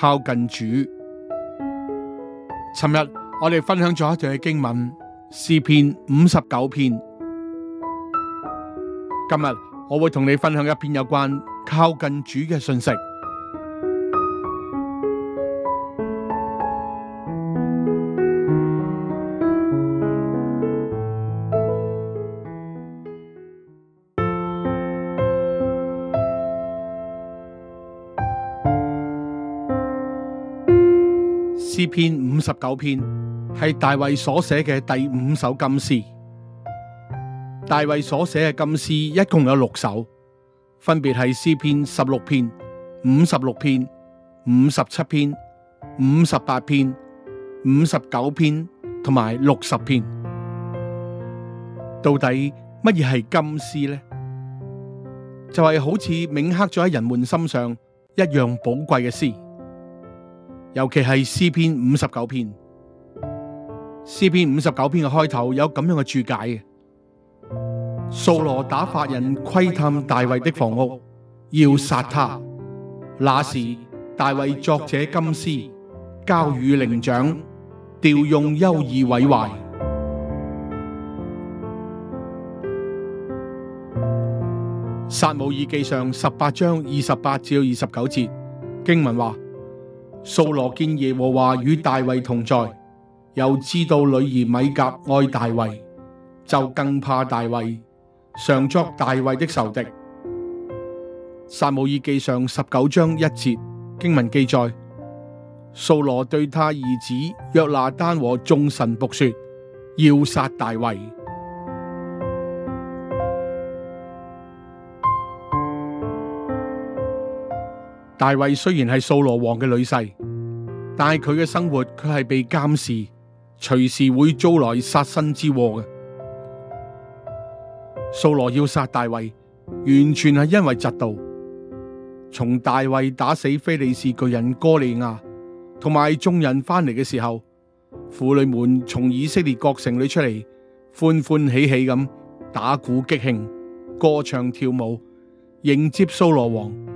靠近主。尋日我哋分享咗一段嘅經文，詩篇五十九篇。今日我會同你分享一篇有關靠近主嘅信息。詩篇五十九篇係大衛所寫嘅第五首金詩。大衛所寫嘅金詩一共有六首，分別係詩篇十六篇、五十六篇、五十七篇、五十八篇、五十九篇同埋六十篇。到底乜嘢係金詩呢？就係、是、好似銘刻咗喺人們心上一樣寶貴嘅詩。尤其係詩篇五十九篇，詩篇五十九篇嘅開頭有咁樣嘅注解嘅。掃羅打發人窺探大衛的房屋，要殺他。那時，大衛作者金詩交與靈長調用，憂以毀壞。撒母耳記上十八章二十八至二十九節經文話。掃羅見耶和華與大衛同在，又知道女兒米甲愛大衛，就更怕大衛，常作大衛的仇敵。撒母耳記上十九章一節經文記載，掃羅對他兒子約拿單和眾臣僕說，要殺大衛。大衛雖然係掃羅王嘅女婿，但係佢嘅生活佢係被監視，隨時會遭來殺身之禍嘅。掃羅要殺大衛，完全係因為嫉妒。從大衛打死非利士巨人哥利亞，同埋眾人翻嚟嘅時候，婦女們從以色列各城裏出嚟，歡歡喜喜咁打鼓激慶、歌唱跳舞，迎接掃羅王。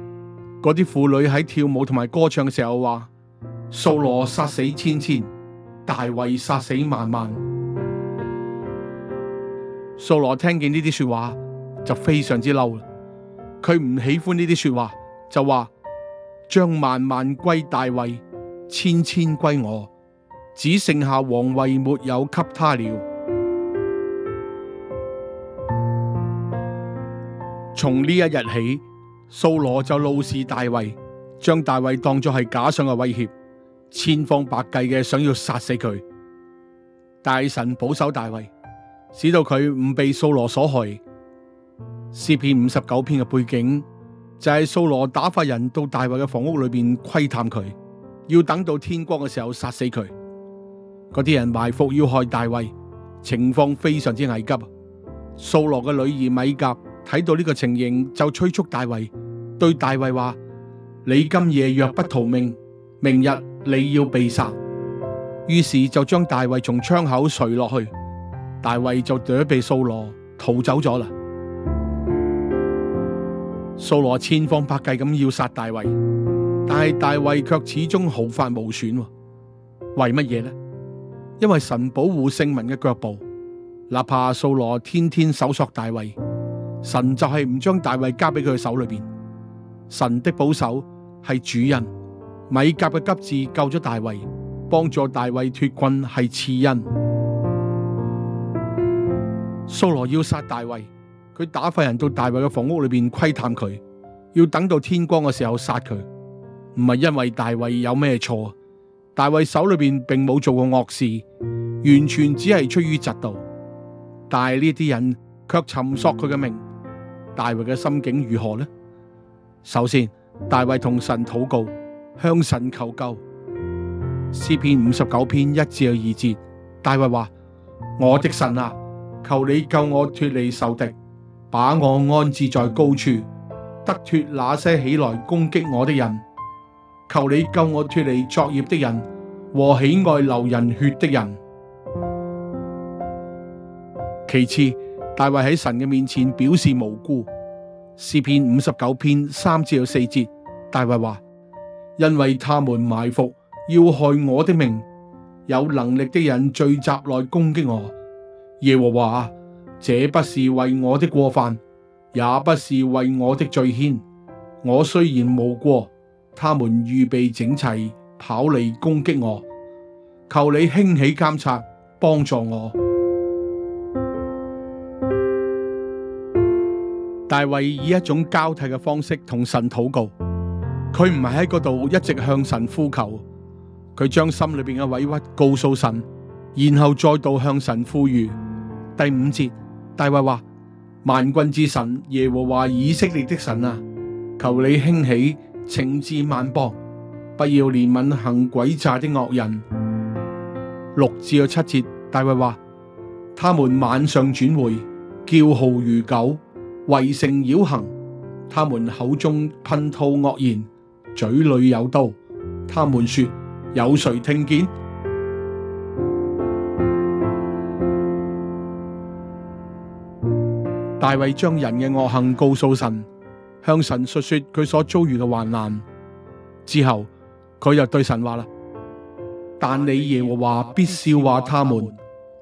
嗰啲婦女喺跳舞同埋歌唱嘅時候話：掃羅殺死千千，大衛殺死萬萬。掃羅聽見呢啲說話就非常之嬲，佢唔喜歡呢啲說話，就說話就說將萬萬歸大衛，千千歸我，只剩下王位沒有給他了。從呢一日起。掃羅就怒視大衛，將大衛當作係假想嘅威脅，千方百計嘅想要殺死佢。大神保守大衛，使到佢唔被掃羅所害。詩篇五十九篇嘅背景就係、是、掃羅打發人到大衛嘅房屋裏邊窺探佢，要等到天光嘅時候殺死佢。嗰啲人埋伏要害大衛，情況非常之危急。掃羅嘅女兒米甲睇到呢個情形，就催促大衛。對大衛話：你今夜若不逃命，明日你要被殺。於是就將大衛從窗口垂落去，大衛就躲避掃羅，逃走咗啦。掃羅千方百計咁要殺大衛，但係大衛卻始終毫髮無損。為乜嘢呢？因為神保護聖民嘅腳步，哪怕掃羅天天搜索大衛，神就係唔將大衛交俾佢手裏邊。神的保守係主因，米甲嘅急智救咗大衛，幫助大衛脱困係次因。掃羅要殺大衛，佢打發人到大衛嘅房屋裏邊窺探佢，要等到天光嘅時候殺佢，唔係因為大衛有咩錯，大衛手裏邊並冇做過惡事，完全只係出於嫉妒，但係呢啲人卻尋索佢嘅命。大衛嘅心境如何呢？首先，大衛同神禱告，向神求救。詩篇五十九篇一至二節，大衛話：我的神啊，求你救我脫離仇敵，把我安置在高處，得脫那些起來攻擊我的人。求你救我脫離作孽的人和喜愛流人血的人。其次，大衛喺神嘅面前表示無辜。詩篇五十九篇三至四節，大衛話：因為他們埋伏要害我的命，有能力的人聚集來攻擊我。耶和華啊，這不是為我的過犯，也不是為我的罪愆。我雖然無過，他們預備整齊跑嚟攻擊我。求你興起監察，幫助我。大衛以一種交替嘅方式同神禱告，佢唔係喺嗰度一直向神呼求，佢將心裏邊嘅委屈告訴神，然後再度向神呼籲。第五節，大衛話：萬軍之神耶和華以色列的神啊，求你興起，懲治萬邦，不要憐憫行詭詐的惡人。六至七節，大衛話：他們晚上轉回，叫號如狗。圍城繞行，他們口中噴吐惡言，嘴裏有刀。他們說：有誰聽見？ 大衛將人嘅惡行告訴神，向神述說佢所遭遇嘅患難之後，佢又對神話啦： 但你耶和華必笑話他們，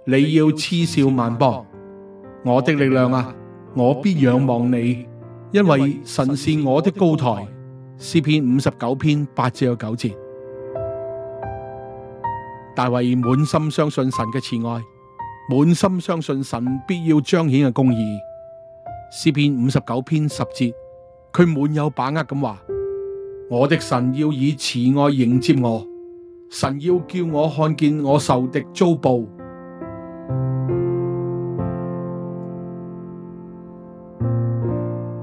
你要嗤笑萬邦。」我的力量啊！我必仰望你，因為神是我的高台。詩篇五十九篇八至九節。大衛滿心相信神嘅慈愛，滿心相信神必要彰顯嘅公義。詩篇五十九篇十節，佢滿有把握咁話：我的神要以慈愛迎接我，神要叫我看見我仇敵遭報。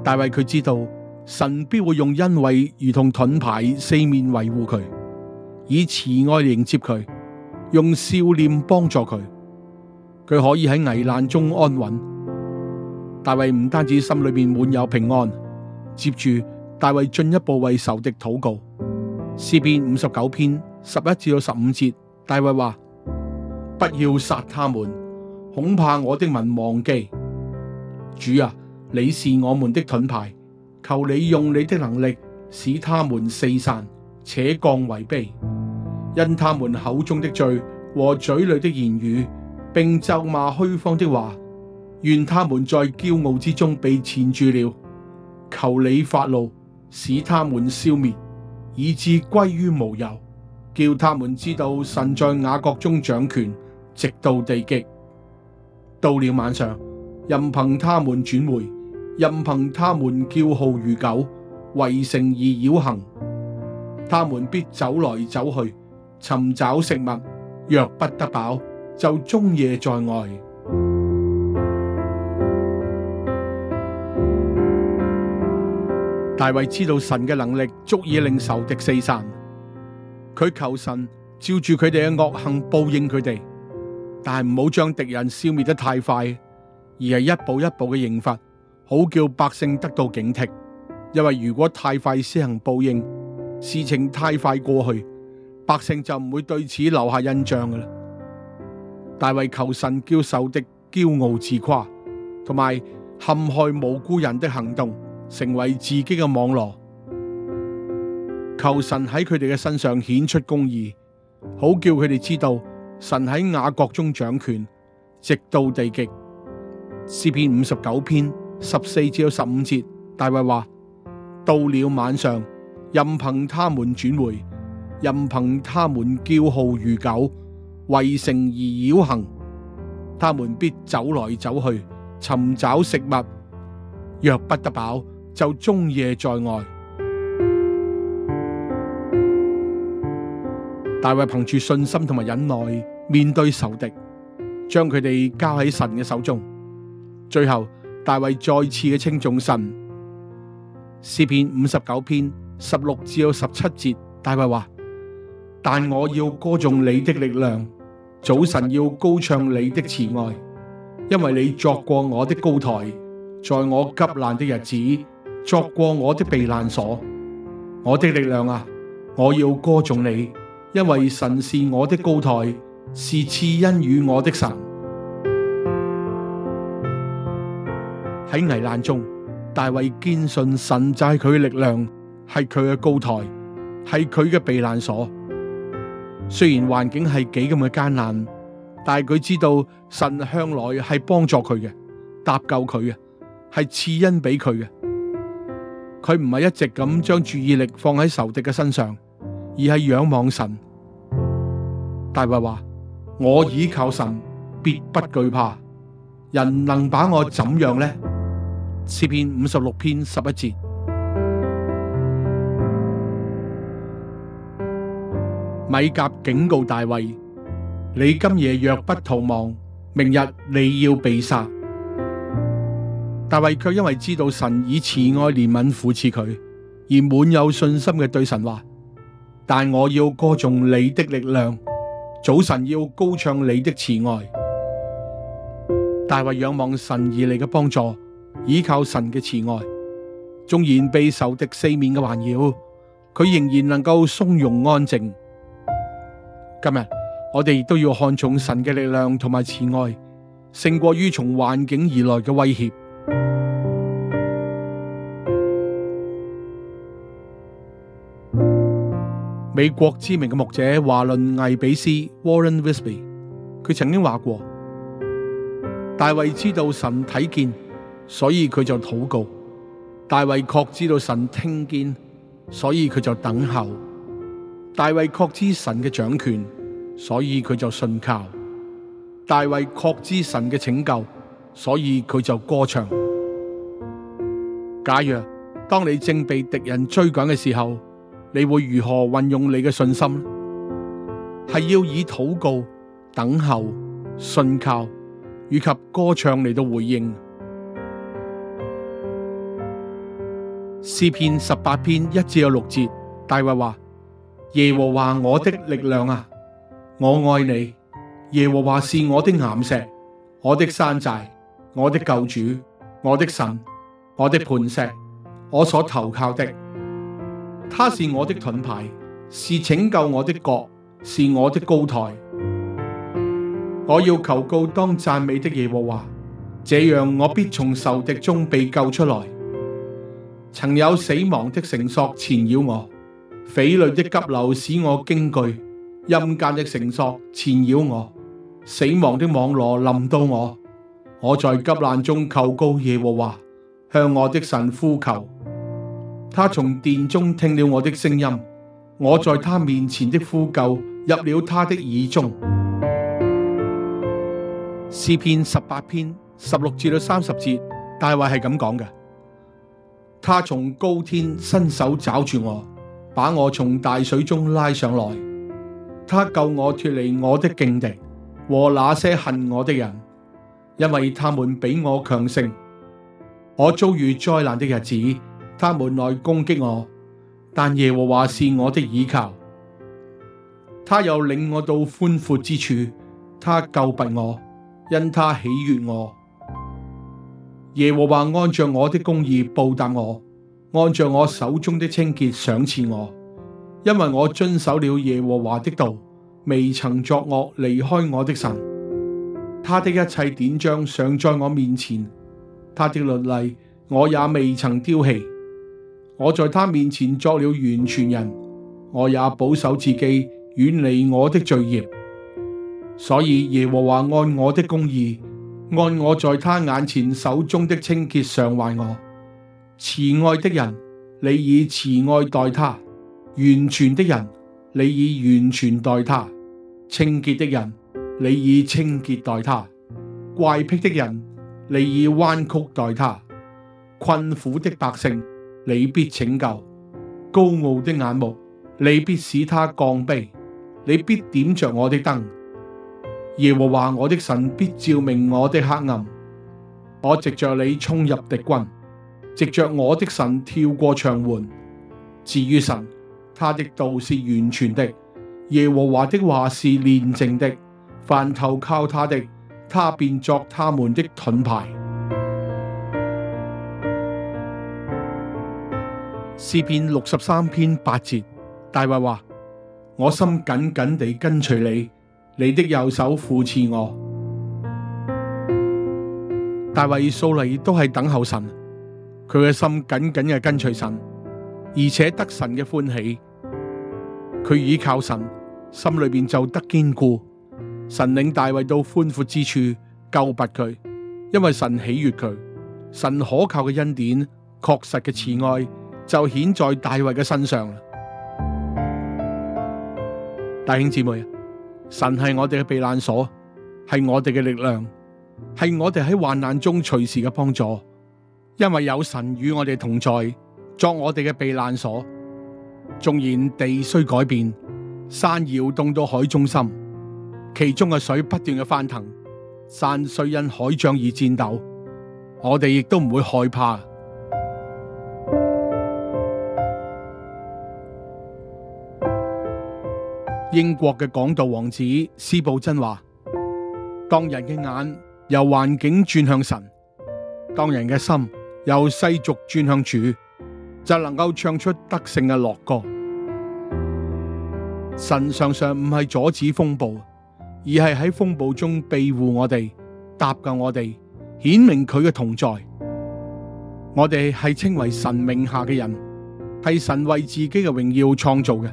大衛佢知道神必會用恩惠，如同盾牌四面維護佢，以慈愛迎接佢，用笑臉幫助佢，佢可以喺危難中安穩。大衛唔單止心裏面滿有平安，接住大衛進一步為仇敵禱告，詩篇五十九篇十一至到十五節，大衛話：不要殺他們，恐怕我的民忘記。主啊。你是我們的盾牌，求你用你的能力使他們四散且降為卑，因他們口中的罪和嘴裏的言語，並咒罵虛謊的話，願他們在驕傲之中被纏住了。求你發怒，使他們消滅，以致歸於無有，叫他們知道神在雅各中掌權，直到地極。到了晚上，任憑他們轉回。任憑他們叫號如狗，圍城而繞行，他們必走來走去，尋找食物，若不得飽，就終夜在外。大衛知道神嘅能力足以令仇敵四散，佢求神照住佢哋嘅惡行報應佢哋，但係唔好將敵人消滅得太快，而係一步一步嘅刑罰。好叫百姓得到警惕，因為如果太快施行報應，事情太快過去，百姓就唔會對此留下印象嘅啦。大衛求神叫仇敵驕傲自誇，同埋陷害無辜人的行動，成為自己嘅網羅。求神喺佢哋嘅身上顯出公義，好叫佢哋知道神喺雅各中掌權，直到地極。詩篇五十九篇。十四至有十五節，大衛話：到了晚上，任憑他們轉回，任憑他們叫號如狗，為城而繞行，他們必走來走去，尋找食物。若不得飽，就終夜在外。大衛憑住信心同埋忍耐面對仇敵，將佢哋交喺神嘅手中，最後。大衛再次嘅稱頌神，詩篇五十九篇十六至有十七節，大衛話：但我要歌頌你的力量，早晨要高唱你的慈愛，因為你作過我的高台，在我急難的日子作過我的避難所。我的力量啊，我要歌頌你，因為神是我的高台，是賜恩與我的神。喺危難中，大衛堅信神就係佢嘅力量，係佢嘅高台，係佢嘅避難所。雖然環境係幾咁嘅艱難，但係佢知道神向來係幫助佢嘅，搭救佢嘅，係賜恩俾佢嘅。佢唔係一直咁將注意力放喺仇敵嘅身上，而係仰望神。大衛話：我倚靠神，必不懼怕。人能把我怎樣呢？詩篇五十六篇十一節，米甲警告大衛：你今夜若不逃亡，明日你要被殺。大衛却因為知道神以慈愛憐憫扶持佢，而滿有信心嘅對神話：但我要歌頌你的力量，早晨要高唱你的慈愛。大衛仰望神以你嘅幫助。依靠神嘅慈愛，縱然被受敵四面嘅環繞，佢仍然能夠松容安靜。今日我哋亦都要看重神嘅力量同埋慈愛，勝過於從環境而來嘅威脅。美國知名嘅牧者華倫艾比斯 （Warren w i s t b e 佢曾經話過：大衛知道神睇見。所以佢就禱告，大衛確知道神聽見，所以佢就等候；大衛確知神嘅掌權，所以佢就信靠；大衛確知神嘅拯救，所以佢就歌唱。假若當你正被敵人追趕嘅時候，你會如何運用你嘅信心呢？係要以禱告、等候、信靠以及歌唱嚟到回應。詩篇十八篇一至有六節，大衛話：耶和華我的力量啊，我愛你。耶和華是我的岩石，我的山寨，我的救主，我的神，我的磐石，我所投靠的。他是我的盾牌，是拯救我的國，是我的高台。我要求告當讚美的耶和華，這樣我必從仇敵中被救出來。曾有死亡的繩索纏繞我，匪類的急流使我驚懼，陰間的繩索纏繞我，死亡的網羅臨到我，我在急難中求告耶和華，向我的神呼求，他從殿中聽了我的聲音，我在他面前的呼救入了他的耳中。詩篇十八篇十六至到三十節，大衛係咁講嘅。他從高天伸手抓住我，把我從大水中拉上來。他救我脱離我的勁敵和那些恨我的人，因為他們比我強盛。我遭遇災難的日子，他們來攻擊我，但耶和華是我的倚靠。他又領我到寬闊之處，他救拔我，因他喜悅我。耶和華按照我的公義報答我，按照我手中的清潔賞賜我，因為我遵守了耶和華的道，未曾作惡，離開我的神。他的一切典章常在我面前，他的律例我也未曾丟棄。我在他面前作了完全人，我也保守自己遠離我的罪孽，所以耶和華按我的公義。按我在他眼前手中的清潔償還我，慈愛的人，你以慈愛待他；完全的人，你以完全待他；清潔的人，你以清潔待他；怪僻的人，你以彎曲待他；困苦的百姓，你必拯救；高傲的眼目，你必使他降卑；你必點着我的燈。耶和華我的神必照明我的黑暗，我藉着你衝入敵軍，藉着我的神跳過牆垣。至於神，他的道是完全的，耶和華的話是煉淨的，凡投靠他的，他便作他們的盾牌。詩 篇六十三篇八節，大衛話：我心緊緊地跟隨你。你的右手扶持我，大衛素來都係等候神，佢嘅心緊緊嘅跟隨神，而且得神嘅歡喜。佢倚靠神，心裏邊就得堅固。神領大衛到寬闊之處救拔佢，因為神喜悅佢。神可靠嘅恩典，確實嘅慈愛，就顯在大衛嘅身上啦。弟兄姊妹神係我哋嘅避難所，係我哋嘅力量，係我哋喺患難中隨時嘅幫助。因為有神與我哋同在，作我哋嘅避難所。縱然地雖改變，山搖動到海中心，其中嘅水不斷嘅翻騰，山雖因海漲而戰抖，我哋亦都唔會害怕。英國嘅講道王子斯布真話：當人嘅眼由環境轉向神，當人嘅心由世俗轉向主，就能夠唱出得勝嘅樂歌。神常常唔係阻止風暴，而係喺風暴中庇護我哋，搭救我哋，顯明佢嘅同在。我哋係稱為神名下嘅人，係神為自己嘅榮耀創造嘅。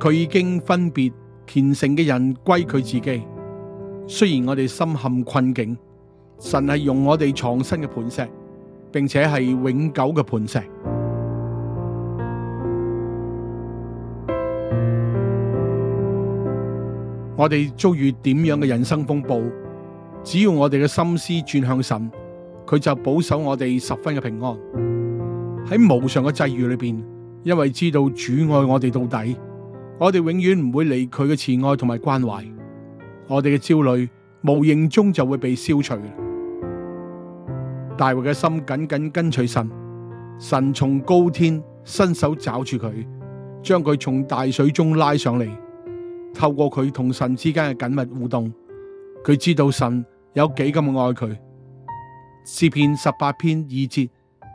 佢已經分別虔誠嘅人歸佢自己。雖然我哋深陷困境，神係用我哋藏身嘅磐石，並且係永久嘅磐石。 我哋遭遇點樣嘅人生風暴，只要我哋嘅心思轉向神，佢就保守我哋十分嘅平安。喺無常嘅際遇裏邊，因為知道主愛我哋到底。我哋永遠唔會離佢嘅慈愛同埋關懷，我哋嘅焦慮無形中就會被消除。大衛嘅心緊緊跟隨神，神從高天伸手抓住佢，將佢從大水中拉上嚟。透過佢同神之間嘅緊密互動，佢知道神有幾咁愛佢。詩篇十八篇二節，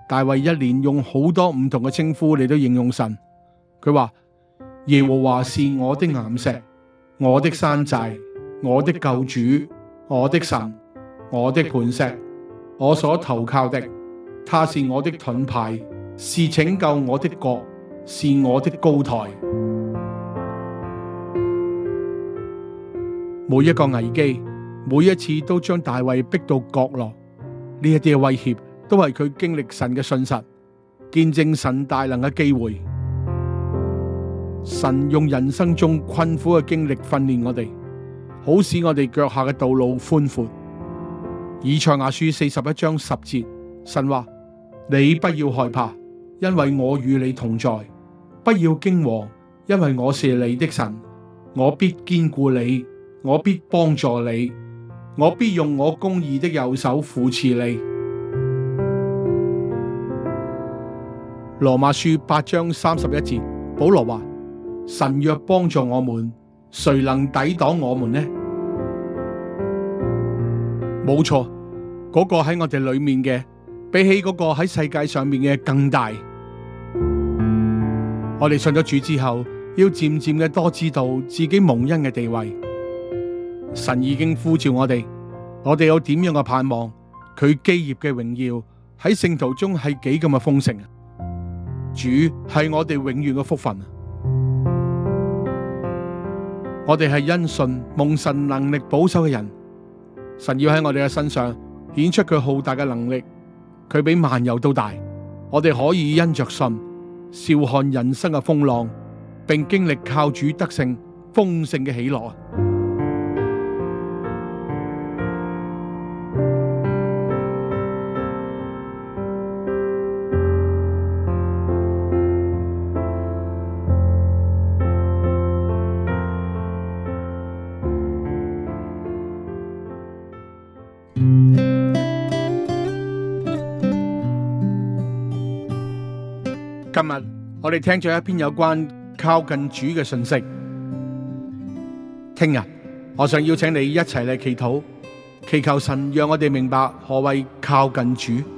大衛一連用好多唔同嘅稱呼嚟到形容神。佢話。耶和華是我的岩石，我的山寨，我的救主，我的神，我的磐石，我所投靠的，他是我的盾牌，是拯救我的國，是我的高台。每一個危機，每一次都將大衛逼到角落，呢一啲嘅威脅都係佢經歷神嘅信實，見證神大能嘅機會。神用人生中困苦嘅經歷訓練我哋，好使我哋腳下嘅道路寬闊。以賽亞書四十一章十節，神話：你不要害怕，因為我與你同在；不要驚惶，因為我是你的神，我必堅固你，我必幫助你，我必用我公義的右手扶持你。羅馬書八章三十一節，保羅話。神若幫助我們，誰能抵擋我們呢？冇錯，嗰個喺我哋裏面嘅，比起嗰個喺世界上面嘅更大。我哋上咗主之後，要漸漸嘅多知道自己蒙恩嘅地位。神已經呼召我哋，我哋有點樣嘅盼望？佢基業嘅榮耀喺聖徒中係幾咁嘅豐盛啊！主係我哋永遠嘅福分。我哋係因信蒙神能力保守嘅人，神要喺我哋嘅身上顯出佢浩大嘅能力，佢比萬有都大。我哋可以因着信笑看人生嘅風浪，並經歷靠主得勝豐盛嘅喜樂。我哋聽咗一篇有關靠近主嘅信息，聽日我想要請你一起嚟祈禱，祈求神讓我哋明白何謂靠近主。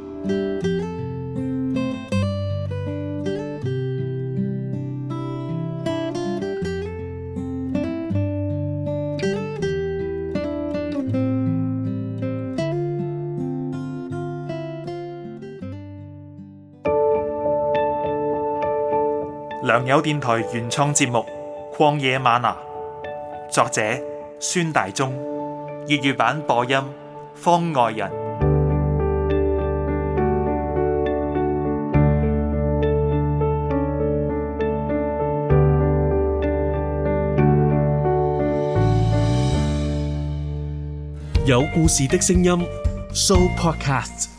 良友電台原創節目《曠野嗎哪》，作者孫大中，粵語版播音方外人，有故事的聲音，So Podcast。